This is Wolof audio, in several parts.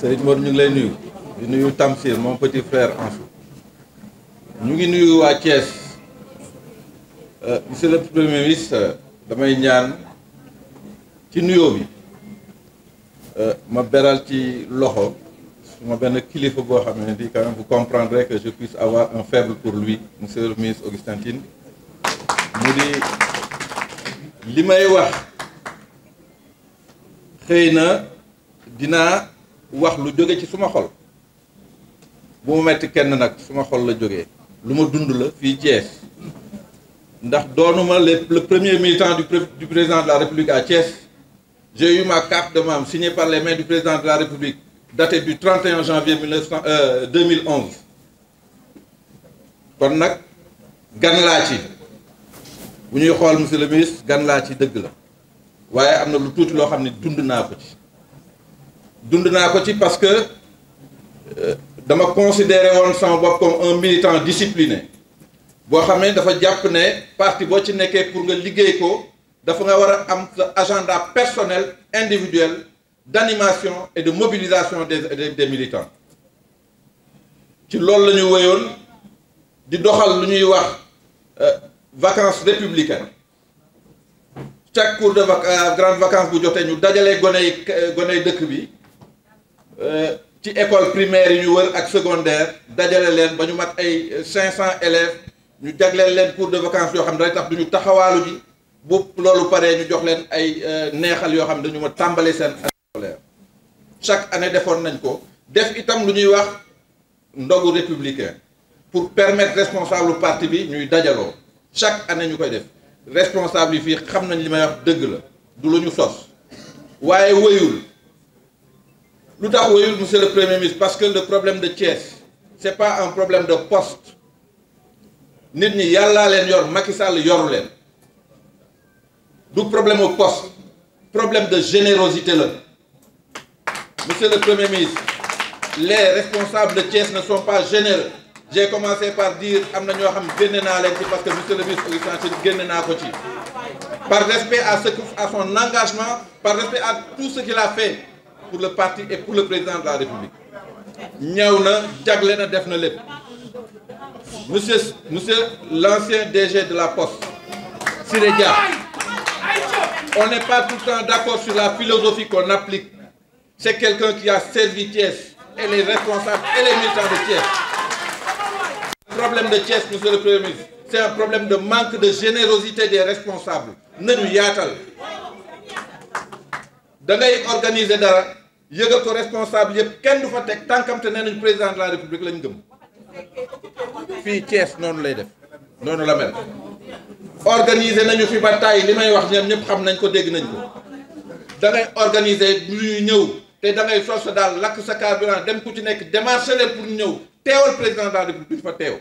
Serigne Mor ñu ngi lay nuyu di nuyu Tamsir moom petit frère Ansou ñu ngi nuyu waa Thiès euh, monsieur le premier ministre damay ñaan ci nuyoo bi euh, ma beral ci loxo ma benn kilifa boo xam ne di quand même vous comprendrez je puisse avoir un faible pour lui monsieur le ministre Augustin di li may wax xëy na dinaa wax lu jóge ci suma xol bu mu metti kenn nag su ma xol la jógee lu ma dund la fii Thiès ndax doonuma le le premier militant du du président de la République à Thiès j'ai eu ma carte de membre signée par les mains du président de la République datée du 31 janvier 1900 euh, 2011 kon nag gan laa ci bu ñuy xool monsieur le ministre gan laa ci dëgg la waaye am na lu tuuti loo xam ne dund naa ko ci dund naa ko ci parce que euh, dama considéré woon sama bopp comme un militant discipliné boo xam dafa jàpp ne parti boo ci nekkee pour nga liggéey ko dafa nga war a am sa agenda personnel individuel d'animation et de mobilisation des des, des militants ci loolu la ñu wéyoon di doxal lu ñuy wax euh, vacances républicaines chaque cours de vac euh, grande vacances bu jotee ñu dajale gone yi gone yi dëkk bi ci école primaire yi ñu wër ak secondaire dajale leen ba ñu mat ay cinq cent élèves ñu jagleel leen cours de vacances yoo xam ne day tax du ñu taxawaalu ji bu loolu paree ñu jox leen ay euh, neexal yoo xam ne dañu ma tàmbalee seen année scolaire chaque année defoon nañ ko def itam lu ñuy wax ndogu républicain pour permettre responsable parti bi ñuy dajaloo chaque année ñu koy def responsable yi fii xam nañ li may wax dëgg la du lu ñu sos waaye wëyul lu tax woyul monsieur le premier ministre parce que le problème de Thiès c'est pas un problème de poste nit ñi yàllaa leen yor Macky Sall yoru problème au poste problème de générosité la monsieur le premier ministre les responsables de Thiès ne sont pas généreux j'ai commencé par dire am na ñoo xam génne naa leen parce que monsieur le ministre Augustin Tine génne naa ko ci par respect à ce à son engagement par respect à tout ce qu'il a fait pour le parti et pour le président de la République ñëw na jagle na def na lépp monsieur monsieur l'ancien DG de la Poste Siré Dia on n'est pas tout le temps d'accord sur la philosophie qu'on applique c'est quelqu'un qui a servi Thiès et les responsables et les militants de Thiès problème de Thiès monsieur le Premier ministre c'est un problème de manque de générosité des responsables nañu yaatal da ngay organiser dara yëgal ko responsable yëpp kenn du fa teg tànkam te nee nañ président de la république lañ gëm fii Thiès noonu lay def noonu la mel organiser nañu fi ba tàyyi li may wax ñoom ñëpp xam nañ ko dégg nañ ko da ngay organiser ñu ñëw te da ngay sa daal lakk sa carburant dem ku ci nekk démarché leen pour ñëw teewal président de la république fa teew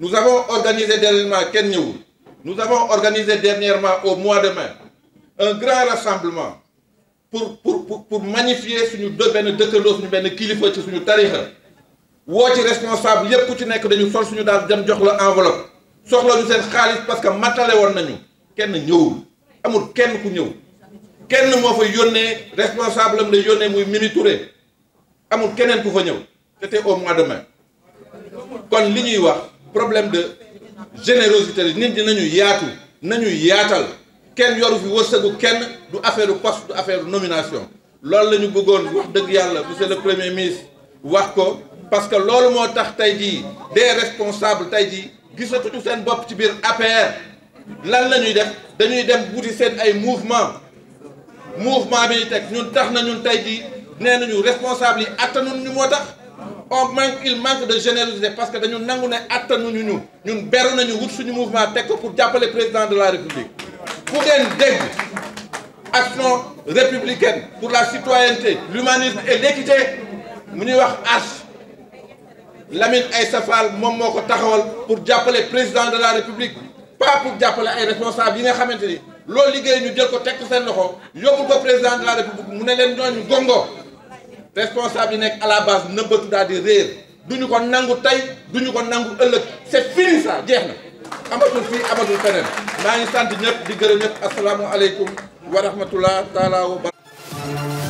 nous avons organisé dernièrement kenn ñëwul nous avons organisé dernièrement au mois de mai un grand rassemblement pour pour pour pour magnifier suñu do benn dëkkandoo suñu benn kilifa ci suñu tarixa woo ci responsable yëpp ku ci nekk dañu sol suñu daal dem jox la enveloppe soxla ñu seen xaalis parce que matale woon nañu kenn ñëwul amul kenn ku ñëw kenn moo fa yónnee responsable am la yónnee muy Mimi Touré amul keneen ku fa ñëw c'était au mois de mai kon li ñuy wax problème de générosité nit dina nañu yaatu nañu yaatal kenn yoru fi wërsëgu kenn du affaire poste du affaire nomination loolu la ñu bëggoon wax dëgg yàlla monsieur le premier ministre wax ko parce que loolu moo tax tey jii des responsables tey jii gisatuñu seen bopp ci biir APR lan la ñuy def dañuy dem wuti seen ay mouvement mouvement bi ñu teg ñun tax na ñun tey jii nee nañu responsable yi attanuñ ñu moo tax on manque il manque de générosité parce que dañu nangu ne attanuñu ñu ñun beru nañu wut suñu mouvement teg ko pour jàppale président de la république fu ngeen dégg action républicaine pour la citoyenneté l'humanisme et l'équité mu ñuy wax ARCH Lamine Aïssa Fall moom moo ko taxawal pour jàppale président de la république pas pour jàppale ay responsable yi nga xamante ni loolu liggéey ñu jël ko teg seen loxo yóbbul ko président de la république mu ne leen ñooñu gongo responsable yi nekk à la base nëbbatu daal di du ñu ko nangu tey ñu ko nangu ëllëg c'est fini ça jeex na amatul fii amatul feneen maa ngi sant ñëpp di gërëm ñëpp asalaamualeykum wa rahmatullah taala wa